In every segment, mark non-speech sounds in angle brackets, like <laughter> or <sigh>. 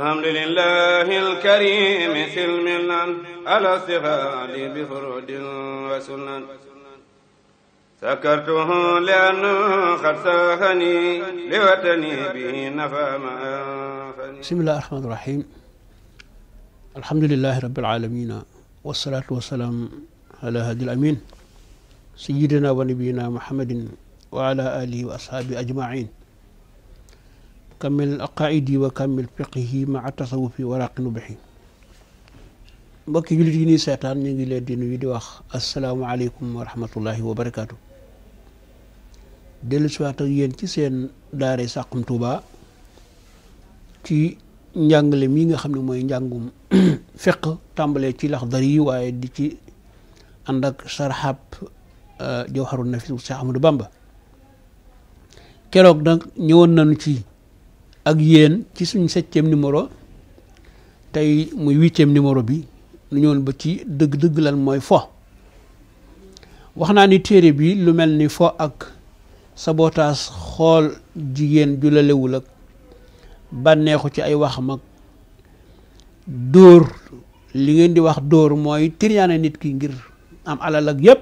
الحمد لله الكريم سلمنا على الصغار بفرود وسنن سكرته لأنه قد ساهني لوطني به نفى ما بسم الله الرحمن الرحيم الحمد لله رب العالمين والصلاة والسلام على هادي الأمين سيدنا ونبينا محمد وعلى آله وأصحابه أجمعين kammil aqaa'idi wa kammil fiqihi ma tasawufi waraqi nubixi mbokki jullit yi ñuy seetaan ñu ngi leen di nuyu di wax asalaamualeykum wa rahmatullahi wa barakaatu dellu siwaat ak yéen ci seen daare Saxum Touba ci njàngale mii nga xam ne mooy njàngum <coughs> fiq tàmbalee ci Laxdari yi waaye di ci ànd ak sarxab euh, jawharu nafis Cheikh Ahmadou Bamba keroog nag ñëwoon nañu ci ak yéen ci suñ septième numéro tey muy huitième numéro bi lu ñëwoon ba ci dëgg-dëgg lan mooy fo wax naa ni téere bi lu mel ni fo ak sabotaas xool jigéen ju ak bànneexu ci ay wax mag dóor li ngeen di wax dóor mooy tiriyaane nit ki ngir am alal ak yépp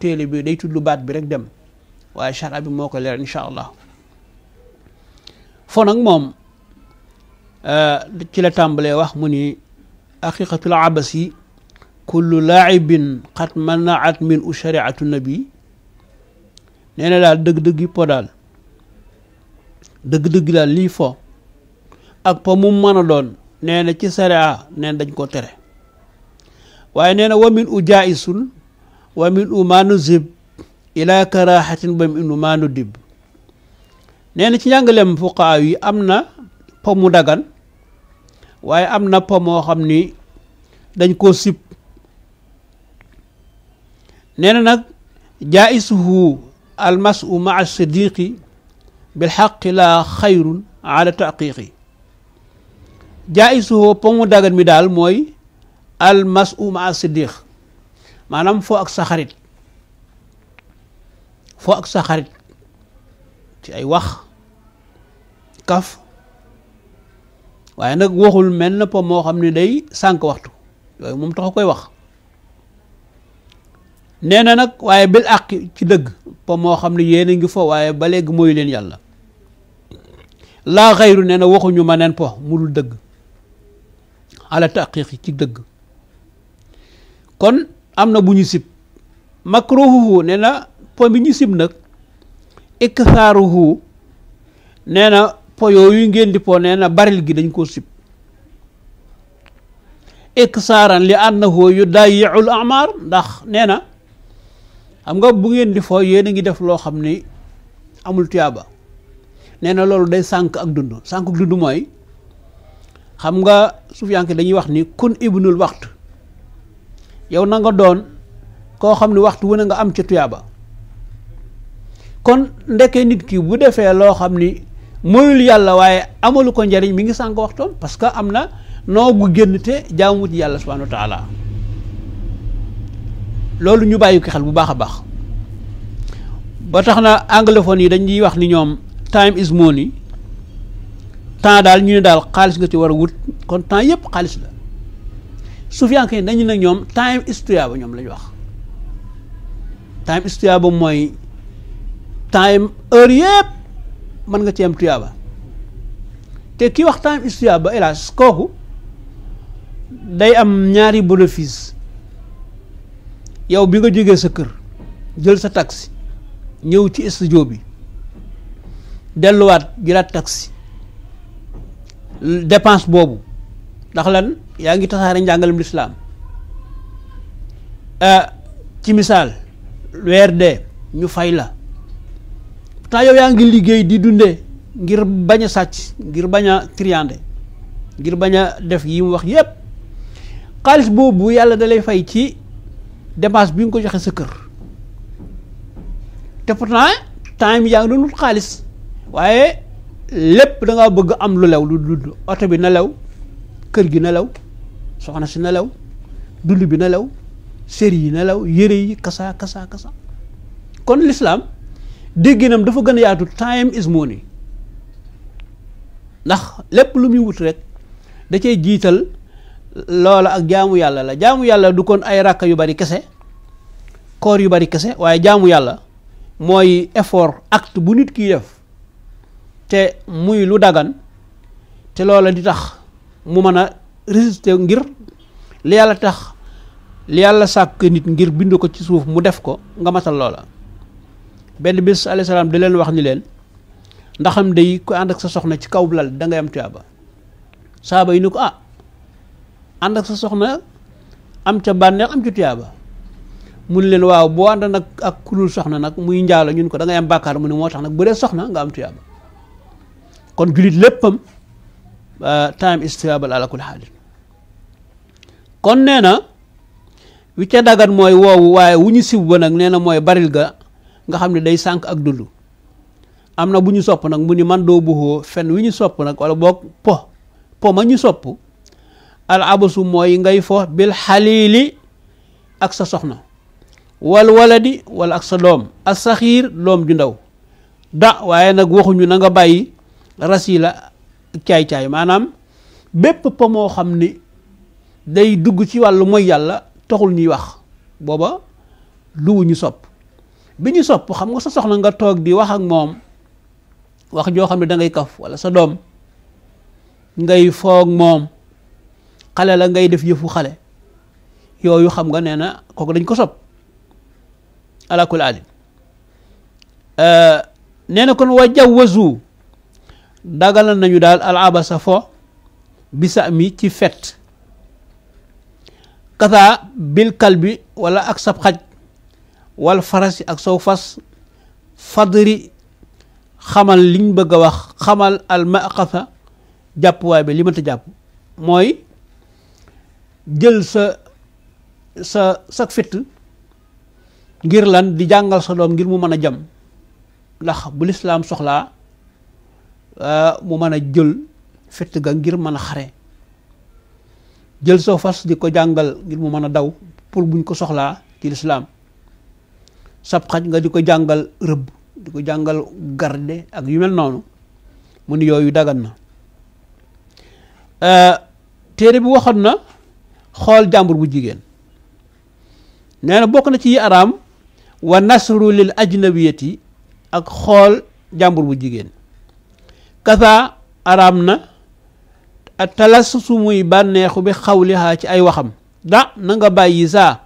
téere bi day tudd baat bi rek dem waaye chara bi moo ko leer incha allah fo nag moom eh, ci la tàmbalee wax mu ni aqiqatul abasi kullu laacibin xat manaat min u shariatu nabi nee na daal dëgg-dëgg yi po daal dëgg-dëgg daal lii fo ak po mu mën a doon nee na ci sharia nee dañ ko tere waaye nee na wa min u jaisul wa min u maanu zib ila karaxatin ba min u maanu dib neena na ci njàngaleem fuqaa yi am na po mu dagan waaye am na po moo xam ni dañ koo sib neena na nag jaa'isuhu almasu maa siddiqi bil xaqi laa xayrun ala taqiqi jaa'isuhu po mu dagan mi daal mooy almasu maa siddiq maanaam foo ak sa foo ak saxarit xarit ci ay wax kaf waaye nag waxul mel na po moo xam ne day sànq waxtu yooyu moom taxu koy wax nee na nag waaye bil àq ci dëgg po moo xam ne yéen a ngi fo waaye ba léegi mooy leen yàlla laa xayru nee na waxuñu ma nen po mu dul dëgg ala taqiq ci dëgg kon am na bu ñu sib makruhu nee na po bi ñu sib nag iktharuhu nee na po yooyu ngeen di po nee na baril gi dañ koo sib iksaaran li annahu yu dayiul amar ndax nee na xam nga bu ngeen di fo yéen a ngi def loo xam ni amul tuyaaba nee na loolu day sànq ak dund sànk ak dund mooy xam nga sufiyanke dañuy wax ni kun ibnul waxtu yow na nga doon koo xam ne waxtu wu nga am ca tuyaaba kon ndeke nit ki bu defee loo xam ni moyul yàlla waaye amalu ko njariñ bi ngi sànk waxtoon parce que am na noo gu génn te jaamuwut yàlla subhanahu wa taala loolu ñu bàyyi ko xel bu baax a baax ba tax na anglophone yi dañuy wax ni ñoom time is money temps daal ñu ne daal xaalis nga ci war a wut kon temps yépp xaalis la sufiyanke yi dañu ne ñoom time is tuyaaba ñoom la ñu wax time is tuyaaba mooy time heure yépp mën nga ci am tuyaaba te ki waxtaan is tuyaaba hélas kooku day am ñaari bénéfice yow bi nga jógee sa kër jël sa taxi ñëw ci studio bi delluwaat jëlaat taxi dépense boobu ndax lan yaa ngi tasaare njàngalem lislaam euh, ci misaal weer dee ñu fay la tant yaa ngi liggéey di dunde ngir bañ a sàcc ngir bañ a triande ngir bañ a def yi mu wax yépp xaalis boobu yàlla da lay fay ci dépense bi nga ko joxe sa kër te pourtant temps yi yaa ngi doon wut xaalis waaye lépp da bëgg am lu lew lu dund oto bi na kër gi na soxna si na lew dund bi na lew yi na yére yi kasa kasa kasa kon l'islam dégginam dafa gën a yaatu time is money ndax lépp lu muy wut rek da cay jiital loola ak jaamu yàlla la jaamu yàlla du kon ay ràkka yu bari kese koor yu bari kese waaye jaamu yàlla mooy effort acte bu nit kiy def te muy lu dagan te loola di tax mu mën a résister ngir li yàlla tax li yàlla sàkk nit ngir bind ko ci suuf mu def ko nga matal loola benn bis alayhi salaam di leen wax ni leen ndaxam day ku ànd ak sa soxna ci kaw lal da ngay am tuyaaba saaba yi ni ko ah ànd ak sa soxna am ca bànneex am ci tuyaaba ni leen waaw boo ànd nag ak kulul soxna nag muy njaalo ñun ko da ngay am bàkkaar mu ne moo tax nag bu dee soxna nga am tuyaaba kon jullit léppam euh, time is tuyaabal ala kulli kon nee na wi ca dagat mooy woowu waaye wu ñu siw ba nag nee na mooy baril ga nga xam ne day sànq ak dund am na bu ñu sopp nag mu ni man doo buxoo fen wi ñu sopp nag wala boog po po ma ñu sopp al abasu mooy ngay fo bil xaliili ak sa soxna wal waladi wala ak sa doom as saxiir doom ju ndaw da waaye nag waxuñu na nga bàyyi la caay-caay maanaam bépp po moo xam ni day dugg ci wàllu mooy yàlla taxul ñuy wax booba duwuñu ñu sopp bi ñu sopp xam nga sa soxna nga toog di wax ak moom wax joo xam ne dangay ngay kaf wala sa doom ngay foog moom xale la ngay def yëfu xale yooyu xam nga nee na kooku dañ ko sopp ala kulli alim nee na kon wa jawazu dagal nañu daal alabasa fo bisa mi ci fet kasa bil kalbi wala ak sab xaj wal farasi ak saw fas fadri xamal liñ bëgg a wax xamal al maqafa jàppuwaay bi li mënta jàpp mooy jël sa sa sa fitt ngir lan di jàngal sa doom ngir mu mën a jam ndax bu lislaam soxlaa euh, mu mën a jël fitt ga ngir mën a xare jël saw fas di ko jàngal ngir mu mën a daw pour buñ ko soxlaa ci lislaam sab xaj nga di ko jàngal rëbb di ko jàngal garde ak yu mel noonu mu ni yooyu dagan euh, téere bi waxoon na xool jàmbur bu jigéen nee na bokk na ci yi araam wa nasru lil yi ak xool jàmbur bu jigéen kasa araam na talas su muy bànneexu bi xawlihaa ci ay waxam da na nga bàyyi saa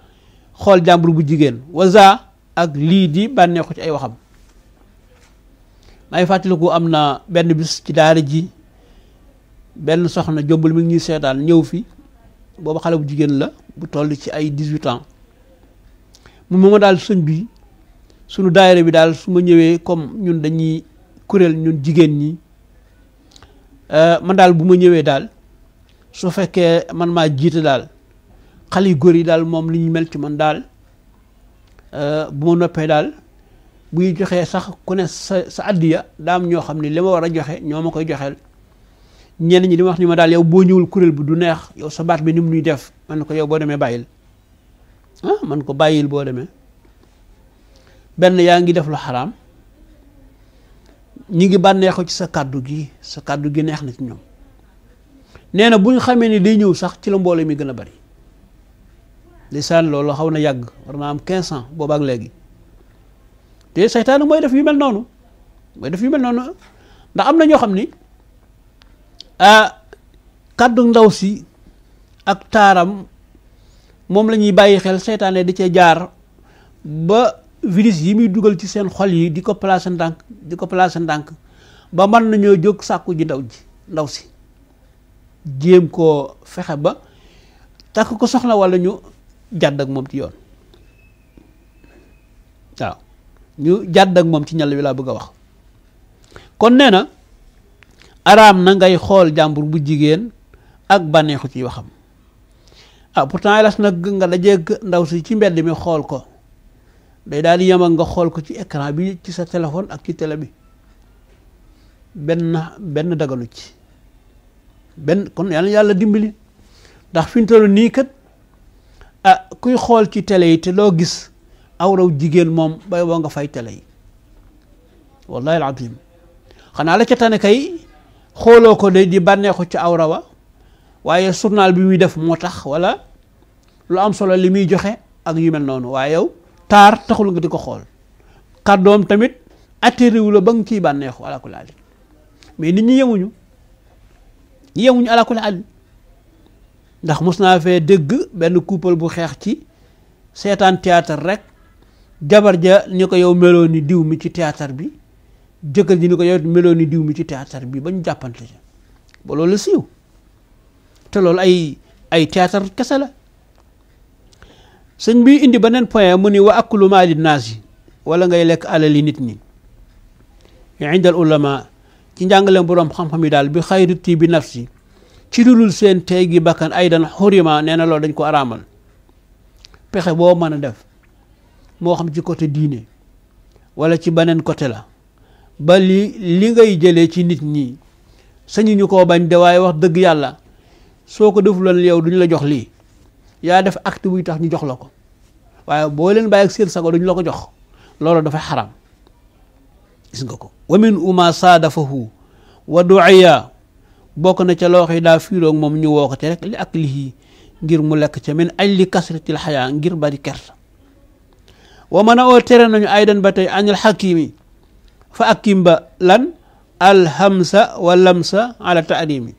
xool jàmbur bu jigéen wa za ak lii di bànneexu ci ay waxam may fàttaliku am na benn bis ci daara ji benn soxna jombul mi ngi ñuy seetaan ñëw fi boobu xale bu jigéen la bu toll ci ay dix-huit ans mu ma daal suñ bi sunu daayira bi daal su ma ñëwee comme ñun dañuy kuréel ñun jigéen ñi euh, man daal bu ma ñëwee daal su fekkee man maa jiite daal xale yu góor yi daal moom li ñu mel ci man daal Euh, bu ma noppee daal buy joxee sax ku ne sa sa addiya daam ñoo xam ne li ma war a joxe ñoo ma koy joxeel ñenn ñi di ma wax ni ma daal yow boo ñëwul kuréel bi du neex yow sa baat bi ni mu nuy def man ko yow boo demee bàyyil ah man ko bàyyil boo demee benn yaa ngi def lu xaraam ñi ngi bànneexu ci sa kàddu gi sa kàddu gi neex na ci ñoom nee na bu ñu xamee ni day ñëw sax ci la mboole mi gën a bari saan loolu xaw na yàgg war naa am quinze ans ak léegi te seytaane mooy def yu mel noonu mooy def yu mel noonu ndax am na ñoo xam ni kàddu ndaw si ak taaram moom la ñuy bàyyi xel seytaane di ca jaar ba virus yi muy dugal ci seen xol yi di ko placer ndànk di ko placer ndànk ba mën nañoo jóg sàkku ji ndaw ji ndaw si jéem koo fexe ba takk ko soxna walla ñu jàdd ak moom ci yoon moom ci ñal wi laa bëgg a wax kon nee na araam na ngay xool jàmbur bu jigéen ak bànneexu ci waxam ah pourtant elas nag nga dajee ndaw si ci mbedd mi xool ko day daal di nga xool ko ci écran bi ci sa téléphone ak ci télé bi benn benn dagalu ci benn kon yàlla yàlla ndax fi nii kat ah kuy xool ci tele yi te loo gis awraw jigéen moom ba boo nga fay tele yi wallahi alazim xanaa la ca tane xooloo ko de di bànneexu ci awra wa waaye journal bi muy def moo tax wala lu am solo li muy joxe ak yu mel noonu waaye yow taxul nga di ko xool kàddoom tamit attéréwu la ba nga bànneexu alaa mais nit ñi yemuñu ñi yemuñu alaa kulli ndax mos naa fee dégg benn couple bu xeex ci seetaan théâtre rek jabar ja ni ko yow meloo ni diw mi ci théâtre bi jëkkër ji ni ko yow meloo ni diw mi ci théâtre bi ba ñu jàppante ja ba loolu siiw te loolu ay ay théâtre kese la sëñ bi indi beneen point mu ni wa akulu maali naas yi wala ngay lekk yi nit ñi indal ulama ci njàngaleem boroom xam-xam yi daal bi xayri ti bi si ci lu dul seen tey gi bakkan ay dan xurima nee na loolu dañ ko araamal pexe boo mën a def moo xam ci côté diine wala ci beneen côté la ba li li ngay jëlee ci nit ñi sañu ñu koo bañ de waaye wax dëgg yàlla soo ko defuloon yow duñu la jox lii yaa def acte buy tax ñu jox la ko waaye boo leen bàyyi ak seen sago duñu la ko jox loolu dafa xaram gis nga ko wamin uma saadafahu wa duiya bokk na ca loo xëy daa fiiroog moom ñu woo ko rek li ak lii ngir mu lekk ca min aj li kasratil xayaa ngir bari kerte wa mën a oo tere nañu ay dan ba tey añul xakimi fa akim ba lan alhamsa wa lamsa ala taadimi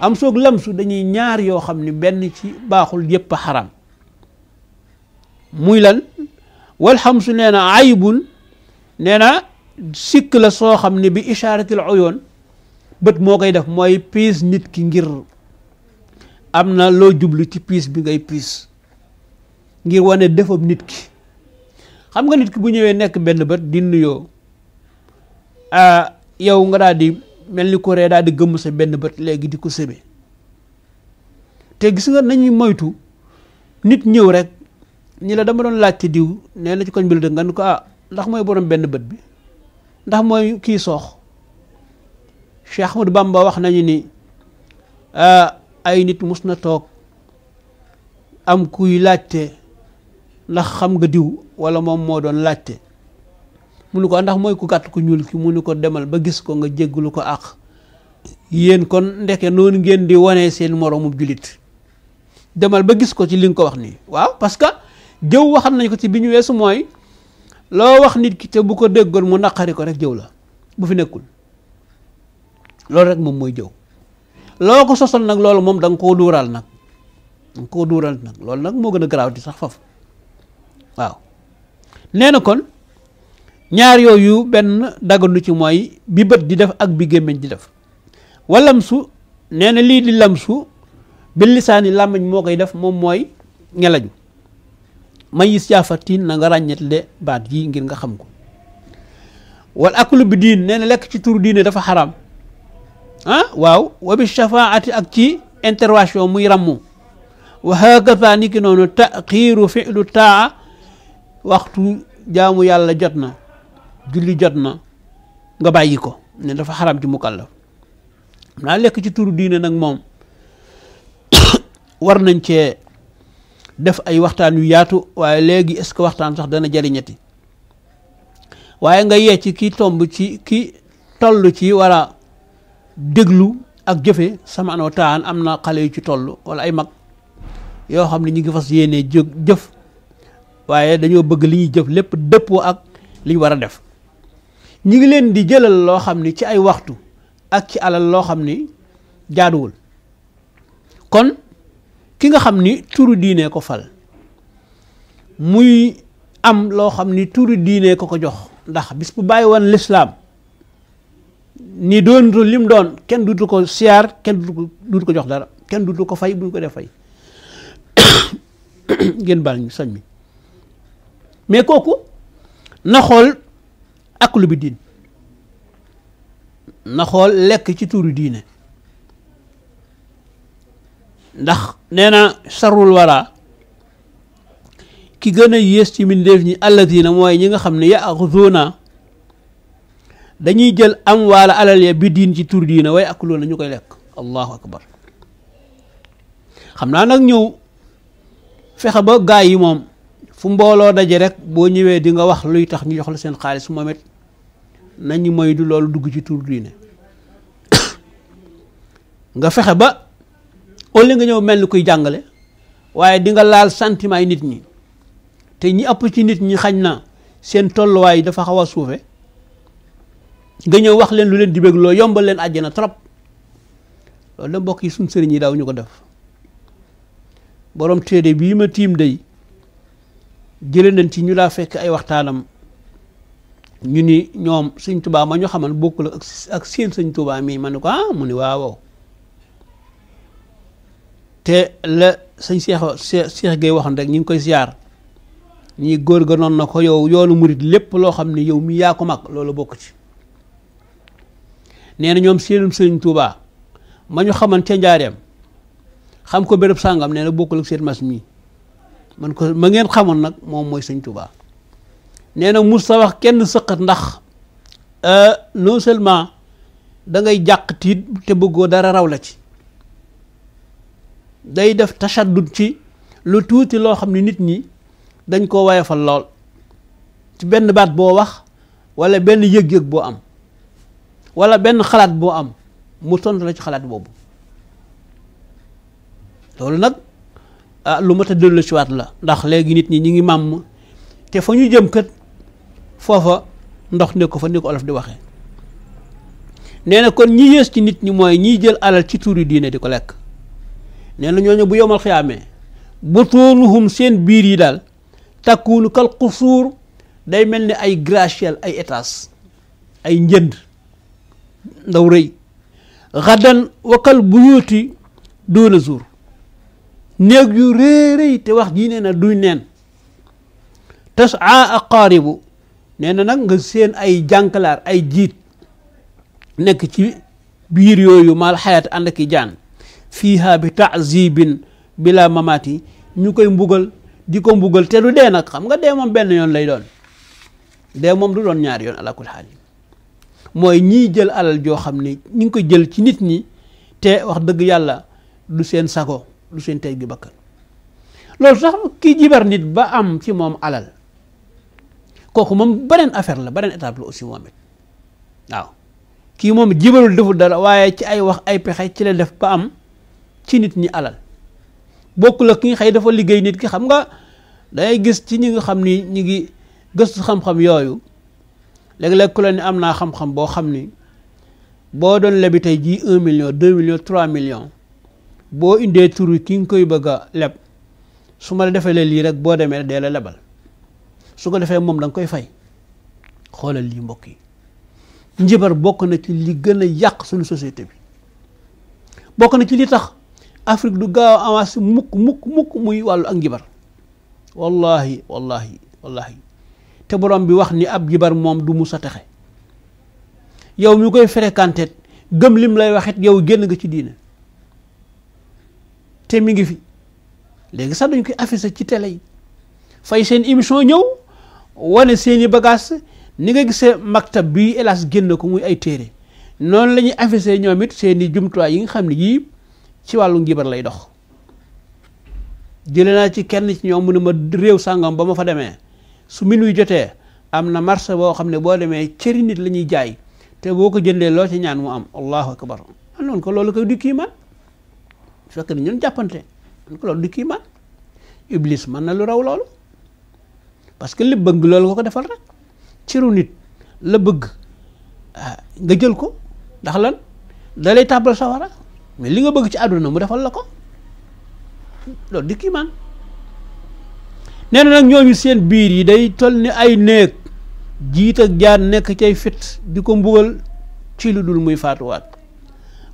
am soog lamsu dañuy ñaar yoo xam ne benn ci baaxul yépp a xaram muy lan walxamsu nee na aybun nee na sikk la soo xam ne bi ishaaratil uyoon bët moo koy def mooy piis nit ki ngir am na loo jublu ci piis bi ngay piis ngir wane defam nit ki xam nga nit ki bu ñëwee nekk benn bët di nuyoo yow nga daal di mel ni ko ree daal di gëmm sa benn bët léegi di ko sëbe te gis nga nañuy moytu nit ñëw rek ñi la dama doon laajte diw nee na ci koñ bi la dëgg nga ni ko ah ndax mooy borom benn bët bi ndax mooy kii soox Cheikh Ahmadou Bamba wax nañu ni ay nit mus na toog am kuy laajte ndax xam nga diw wala moom moo doon laajte munu ko ndax mooy ku gàtt ku ñuul ki munu ko demal ba gis ko nga jéggalu ko àq yéen kon ndeke noonu ngeen di wane seen moroomub jullit demal ba gis ko ci li ko wax nii waaw parce que jëw waxal nañ ko ci bi ñu weesu mooy loo wax nit ki te bu ko déggoon mu naqari ko rek jëw la bu fi nekkul loolu rek moom mooy jëw loo ko sosal nag loolu moom da nga koo duural nag da koo duural nag loolu nag moo gën a garaaw di sax foofu waaw nee na kon ñaar yooyu benn daganu ci mooy bi bët di def ak bi gémmiñ di def wa lamsu nee na lii di lamsu bi lisaani làmmiñ moo koy def moom mooy ngelaju may yis jaafa tiin na nga ràññetle baat yi ngir nga xam ko wala aklu bi diin nee na lekk ci tur diine dafa xaram Ah? waaw wa bi shafaati ak ci intervention muy rammu wa hakata ni ki noonu taxiiru lu taa waxtu jaamu yàlla jot na julli jot na nga bàyyi ko ne dafa xaram ci mukallaf naa lekk ci turu diine nag moom <coughs> war nañ cee def ay waxtaan yu yaatu waaye léegi est-ce que waxtaan sax dana jariñati waaye nga yee ci ki tomb ci ki toll ci war déglu ak jëfe sama anoo am na xale yu ci toll wala ay mag yoo xam ne ñu ngi fas yéenee jëf waaye dañoo bëgg li ñuy jëf lépp dëppoo ak li ñu war a def ñu ngi leen di jëlal loo xam ni ci ay waxtu ak ci alal loo xam ni jaaduwul kon ki nga xam ni turu diinee ko fal muy am loo xam ni turu diinee ko ko jox ndax bis bu bàyyi woon lislaam ni doonatul lim doon kenn duutu ko siyaar kenn duutu ko jox dara kenn duutu ko fay bu ñu ko def fay <coughs> ngeen baal ñu sañ mi mais kooku na xool ak lu bi diin na xool lekk ci tuuru diine ndax nee na sarul wara ki gën a yées ci mbindeef ñi alladiina mooy ñi nga xam ne yaxuduuna dañuy jël am waala alal ya bi diin ci tur diina waaye ak loolu ñu koy lekk allahu akbar xam naa nag ñëw fexe ba gaa yi moom fu mbooloo daje rek boo ñëwee di nga wax luy tax ñu jox la seen xaalis moom it nañu mooy du loolu dugg ci tur diine <coughs> nga fexe ba au lieu nga ñëw mel ni kuy jàngale waaye di nga laal santiment yi nit ñi te ñi ëpp ci nit ñi xañ na seen tolluwaay dafa xaw a suufe nga ñëw wax leen lu leen di bég loo yombal leen na trop loolu la mbokk yi suñ sëriñ yi daaw ñu ko def boroom téede bii ma tiim day jële nañ ci ñu laa fekk ay waxtaanam ñu ni ñoom sëñ tubaa ma ñu xamal bokkul ak seen sëñ tubaa mii ma ne ko ah mu ni waaw te la sëñ Cheikh gay Gueye waxoon rek ñu ngi koy ziar ñi góor ga noon na ko yow yoonu murit lépp loo xam ne yow mi yaa ko mag loolu bokk ci nee na ñoom seenum sëriñ Tuubaa ma ñu xaman ca njaareem xam ko béréb sàngam nee na bokkul ak seen mas mii man ko ma ngeen xamoon nag moom mooy sëñ Tuubaa nee na mus sa wax kenn sëqat ndax euh, non seulement da ngay jàq tiit te bëggoo dara raw la ci day def tachaddud ci lu tuuti loo xam ni nit ñi dañ koo wayefal lool ci benn baat boo wax walla benn yëg-yëg boo am wala benn xalaat boo am mu tontu la ci xalaat boobu loolu nag ah lu mat a dellu ci waat la ndax léegi nit ñi ñi ngi màmm te fa ñu jëm kat foofa ndox ne ko fa ni ko olof di waxee nee na kon ñi yées ci nit ñi mooy ñiy jël alal ci tuuri diine di ko lekk nee na ñooñu bu yomal xiyaamee butuunuhum seen biir yi daal takkuunu kal xusuur day mel ni ay gratte ay étages ay njënd ndaw rëy xaddan bu buyuuti doona zuur néeg yu rëy rëy te wax jii nee na duñ neen tas a aqaaribu nee na nag nga seen ay jànkalaar ay jiit nekk ci biir yooyu maal xayaat ànd ak i jaan fiiha bi taazibin bila mamaati ñu koy mbugal di ko mbugal te du dee nag xam nga dee moom benn yoon lay doon dee moom du doon ñaari yoon ala kulli xaal mooy ñiy jël alal joo xam ne ñu ngi ko jël ci nit ñi te wax dëgg yàlla du seen sago du seen tey gi bakkan loolu sax kii jibar nit ba am ci moom alal kooku moom beneen affaire la beneen étape la aussi moom it waaw kii moom jibarul deful dara waaye ci ay wax ay pexe ci la def ba am ci nit ñi alal bokkul ak ki nga xëy dafa liggéey nit ki xam nga dangay gis ci ñi nga xam ni ñu ngi gëstu xam-xam yooyu léeg-léeg ku la ni am naa xam-xam boo xam ni boo doon lebi tey jii un million deux million trois million boo indee tur ki nga koy bëgg a leb su ma la defalee lii rek boo demee de la lebal su ko defee moom danga koy fay xoolal lii mbokk yi njibar bokk na ci li gën a yàq suñu société bi bokk na ci li tax Afrique du gaaw a avancé mukk mukk mukk muy wàllu ak njibar wallahi wallahi wallahi te borom bi wax ni ab jibar moom du mus a texe yow mi koy fréquenté gëm lim lay waxit yow génn nga ci diina te mi ngi fi léegi sax dañ koy affiché ci télé yi fay seen émission ñëw wane seeni bagage ni nga gise maktab bi hélas génn ko muy ay téere noonu lañuy ñuy ñoom it seeni jumtuwaay yi nga xam ne yii ci wàllu njibar lay dox jële naa ci kenn ci ñoom mu ne ma réew sàngam ba ma fa demee su minuy jotee am na marché boo xam ne boo demee cëri nit la ñuy jaay te boo ko jëndee loo ci ñaan mu am allahu akbar an ah, noonu ko loolu koy du kiimaan su fekkee ne ñun jàppante an ko loolu du kiimaan mën na lu raw parce que li bëgg loolu ko ko defal rek la bëgg ah, nga jël ko ndax lan da lay mais li nga bëgg ci àdduna mu defal la ko loolu di kiimaan nee na nag ñooñu seen biir yi day toll ni ay néeg jiita jaan nekk cay fit di ko mbugal ci lu dul muy faatuwaat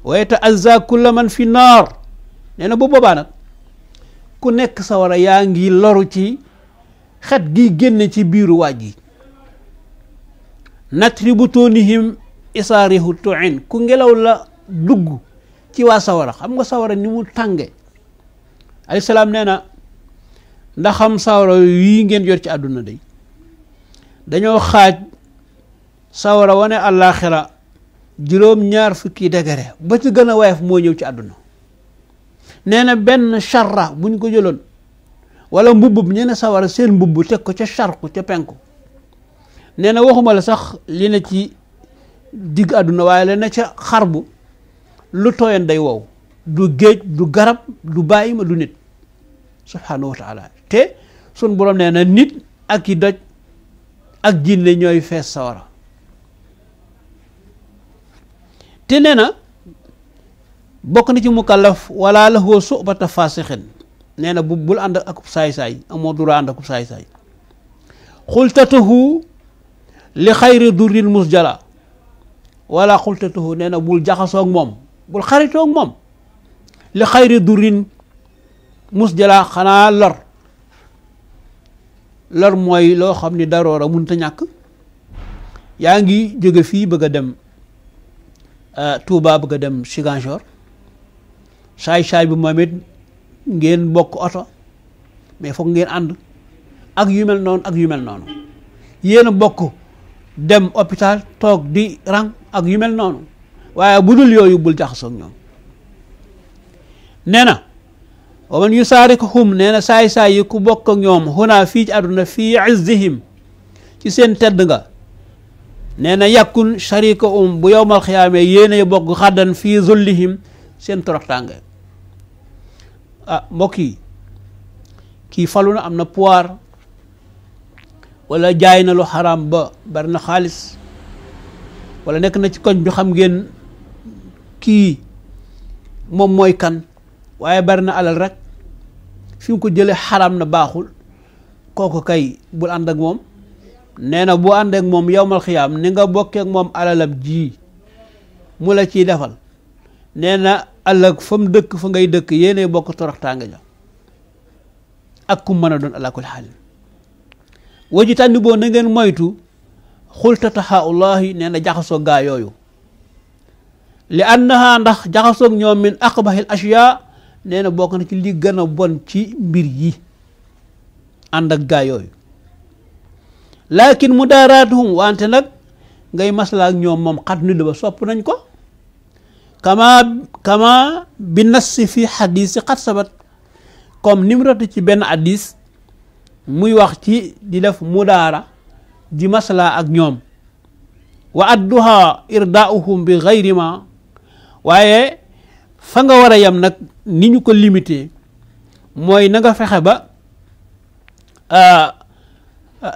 waaye te azza kulla man fi naar nee na bu bobaa nag ku nekk sawara yaa ngi loru ci xet gi génne ci biiru waaj yi natri bu toonihim isaarihu tuin ku ngelaw la dugg ci waa sawara xam nga sawara ni mu tànge alayhi salaam nee ndaxam sawara yii ngeen jot ci àdduna day dañoo xaaj sawara wane àllaaxira juróom ñaar fukki degré ba ci gën a woyof moo ñëw ci àdduna nee na benn charra bu ñu ko jëloon walla mbubb ñu ne sawara seen mbubb teg ko ca charku ca penku nee na waxuma la sax li na ci digg àdduna waaye la na ca xar bu lu tooyan day wow du géej du garab du bàyyi ma du nit subhaanahu wa te sun borom nee na nit ak i doj ak jinne ñooy fees sawara te nee na bokk na ci mukallaf wala la xoo subata fasixin nee na bu bul ànd ak saay-saay amoo dura ànd saay xultatuhu li xayri durrin musjala wala xultatuhu nee bul jaxasoo moom bul xaritoo moom li xayri mus jalaa xanaa lor lor mooy loo xam ni daroor a munta ñàkk yaa ngi jóge fii bëgg a dem euh, Touba bëgg a dem Ziguinchor saay-saay bi moom it ngeen bokk oto mais foog ngeen ànd ak yu mel noonu ak yu mel noonu yéen a bokk dem hôpital toog di rang ak yu mel noonu waaye bu yooyu bul jaxasoo ak ñoom nee na wa man yusaarikuhum nee na saay-saay yi ku bokk ak ñoom xunaa fii ci àdduna fii izzihim ci seen tedd nga nee na yàkkun sharika um bu yowmal xiyaamee yéenay bokk xaddan fi zullihim seen toroxtaange ah mbokk yi kii falu na am na pouvoir walla jaay na lu xaraam ba bari na xaalis walla nekk na ci koñ bi xam ngeen kii moom mooy kan waaye bari na alal rek fi mu ko jëlee xaram na baaxul kooku kay bul àndak moom nee na boo ànd moom yowmal xiyaam ni nga bokkeek moom alalam jii mu la ciy defal nee na ëllëg fa mu dëkk fa ngay dëkk yéene bokk toroxtaange ja ak ku mën a doon alaa kulli xaalin waju tànni boo na ngeen moytu xultataxaullahi nee na jaxasoog gaa yooyu li annaha ndax jaxasoog ñoom min aqbahil ashyaa nee na bokk na ci li gën a bon ci mbir yi ànd ak gaa yooyu laakin mu daaraatuhum wante nag ngay maslaa ak ñoom moom xat nu ba sopp nañ ko kama kama bi nas fi xadis si xat sabat comme ni mu ci benn hadis muy wax ci di def mudaara di maslaa ak ñoom wa adduha irdaauhum bi xayri ma waaye fa nga war a yam nag ni ñu ko limité mooy nanga fexe ba euh,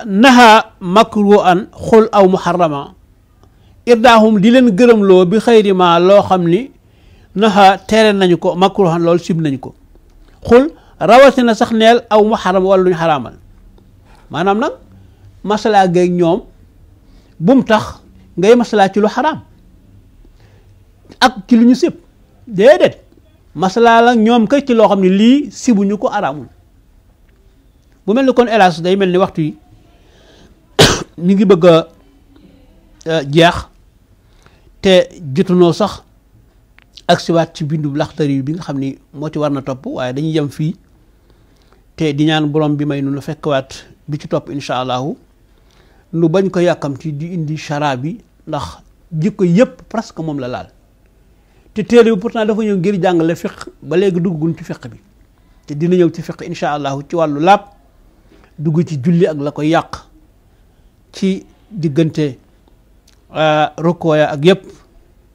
naha makru an xul aw muharrama irdaahum di leen gërëmloo bi xëyri ma loo xam ni naha tere nañu ko makru an loolu sib nañu ko xul rawati na sax neel aw muharrama wala luñ ñu xaraamal maanaam nag masalaa geeg ñoom bum tax ngay masalaa ci lu xaraam ak ci lu ñu sib déedéet maslaa la ñoom kay ci loo xam ne lii sibuñu ko araamul mu mel ni kon hélas day mel ni waxtu yi <coughs> mi ngi bëgg a euh, jeex te jotunoo sax ak siwaat ci bindu Laxdari bi nga xam ni moo ci war na topp waaye dañuy yem fii te di ñaan borom bi may nu fekkwaat bi ci topp incha allahu nu bañ ko yàkkamti di indi chara bi ndax jikko yépp presque moom la laal te téere bi pourtant dafa ñëw ngir jàngale fiq ba léegi dugguñ ci fiq bi te dina ñëw ci fiq incha allahu ci wàllu laab dugg ci julli ak la ko yàq ci diggante euh, rukkooya ak yëpp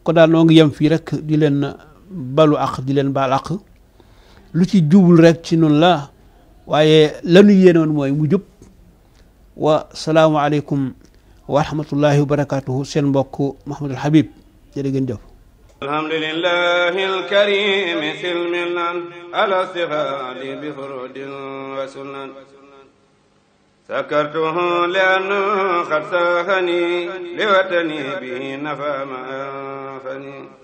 ko daal noo yem fii rek di leen balu ak di leen baal ak lu ci jubul rek ci noonu la waaye lanu yéenoon mooy mu jub wa salaamu aleykum wa rahmatullahi wa barakatuhu seen mbokk Mouhamadul Habib jërë ngeen jëf الحمد لله الكريم سلمنا على استفاد بفرود وسنن سكرته لأنه قد ساهني لوطني به نفى ما أنفني